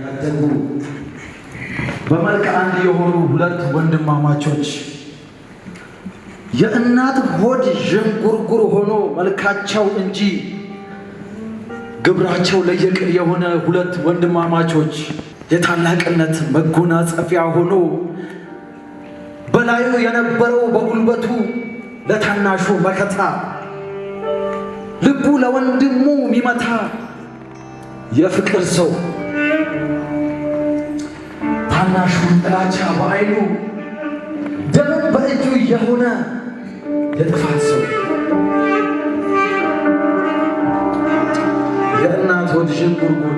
ያደጉ በመልክ አንድ የሆኑ ሁለት ወንድማማቾች የእናት ሆድ ዥንጉርጉር ሆኖ መልካቸው እንጂ ግብራቸው ለየቅል የሆነ ሁለት ወንድማማቾች የታላቅነት መጎናጸፊያ ሆኖ በላዩ የነበረው በጉልበቱ ለታናሹ መከታ ልቡ ለወንድሙ የሚመታ የፍቅር ሰው ታናሹን ጥላቻ በዓይኑ ደምን በእጁ የሆነ የጥፋት ሰው የእናት ሆድ ዥንጉርጉር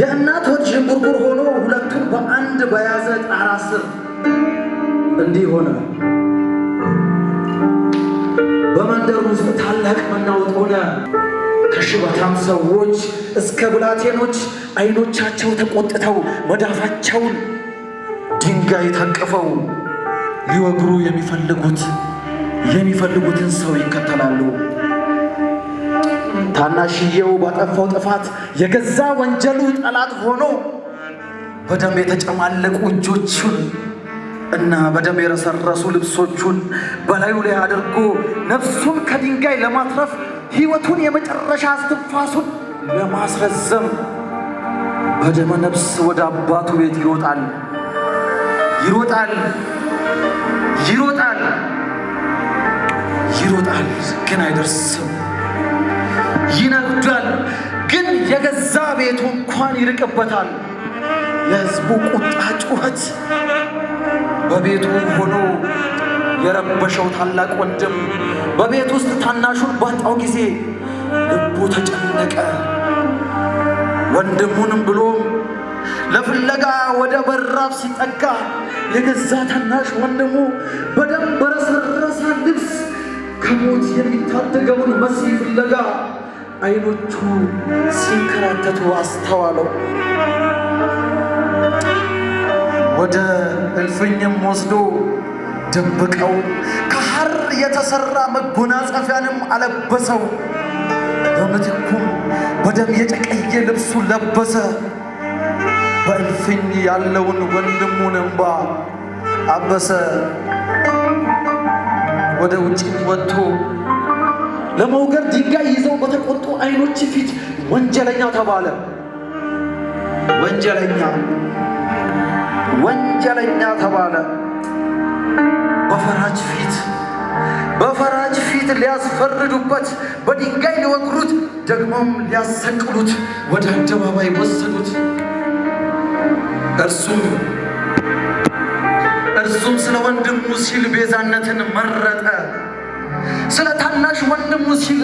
የእናት ሆድ ዥንጉርጉር ሆኖ ሁለቱን በአንድ በያዘ ጣራ ስር እንዲህ ሆነ። በመንደር ውስጥ ታላቅ መናወጥ ሆነ። ከሽበታም ሰዎች እስከ ብላቴኖች ዓይኖቻቸው ተቆጥተው መዳፋቸውን ድንጋይ ታቅፈው ሊወግሩ የሚፈልጉት የሚፈልጉትን ሰው ይከተላሉ። ታናሽየው ባጠፋው ጥፋት የገዛ ወንጀሉ ጠላት ሆኖ በደም የተጨማለቁ እጆቹን እና በደም የረሰረሱ ልብሶቹን በላዩ ላይ አድርጎ ነፍሱን ከድንጋይ ለማትረፍ ሕይወቱን የመጨረሻ እስትንፋሱን ለማስረዘም በደመ ነፍስ ወደ አባቱ ቤት ይሮጣል ይሮጣል ይሮጣል ይሮጣል፣ ግን አይደርስም። ይነግዳል፣ ግን የገዛ ቤቱ እንኳን ይርቅበታል። የሕዝቡ ቁጣ ጩኸት በቤቱ ሆኖ የረበሸው ታላቅ ወንድም በቤት ውስጥ ታናሹን ባጣው ጊዜ ልቡ ተጨነቀ። ወንድሙንም ብሎም ለፍለጋ ወደ በራፍ ሲጠጋ የገዛ ታናሽ ወንድሙ በደም በረሰረሰ ልብስ ከሞት የሚታደገውን መሲ ፍለጋ አይኖቹ ሲንከራተቱ አስተዋለው። ወደ እልፍኝም ወስዶ ደብቀው ከሐር የተሰራ መጎናጸፊያንም አለበሰው። በምትኩም በደም የጨቀየ ልብሱ ለበሰ። በእልፍኝ ያለውን ወንድሙን እንባ አበሰ። ወደ ውጭም ወጥቶ ለመውገር ድንጋይ ይዘው በተቆጡ ዓይኖች ፊት ወንጀለኛ ተባለ። ወንጀለኛ ወንጀለኛ ተባለ። ሊያስፈርዱበት በድንጋይ ሊወግሩት ደግሞም ሊያሰቅሉት ወደ አደባባይ ወሰዱት። እርሱም እርሱም ስለ ወንድሙ ሲል ቤዛነትን መረጠ። ስለ ታናሽ ወንድሙ ሲል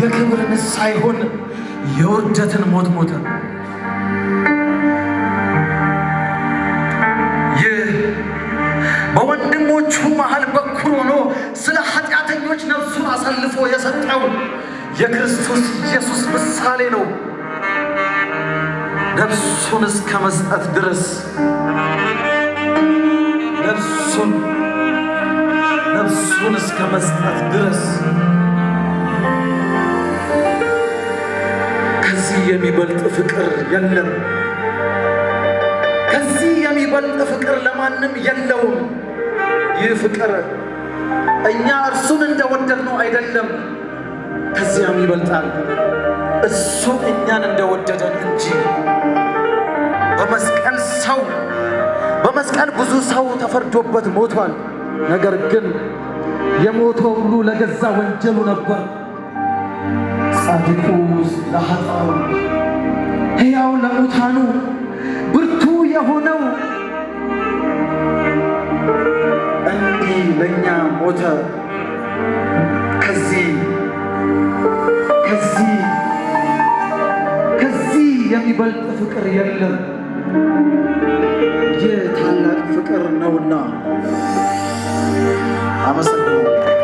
የክብርን ሳይሆን የውርደትን ሞት ሞተ። አሳልፎ የሰጠው የክርስቶስ ኢየሱስ ምሳሌ ነው። ነፍሱን እስከ መስጠት ድረስ ነፍሱን ነፍሱን እስከ መስጠት ድረስ ከዚህ የሚበልጥ ፍቅር የለም። ከዚህ የሚበልጥ ፍቅር ለማንም የለውም። ይህ ፍቅር እኛ እርሱን እንደወደድነው አይደለም፣ ከዚያም ይበልጣል። እሱ እኛን እንደወደደን እንጂ በመስቀል ሰው በመስቀል ብዙ ሰው ተፈርዶበት ሞቷል። ነገር ግን የሞተ ሁሉ ለገዛ ወንጀሉ ነበር። ጻድቁ ለኃጥአኑ፣ ሕያው ለሙታኑ፣ ብርቱ የሆነው ሞተ። ከዚህ ከዚህ ከዚህ የሚበልጥ ፍቅር የለም። ይህ ታላቅ ፍቅር ነውና አመሰግናለሁ።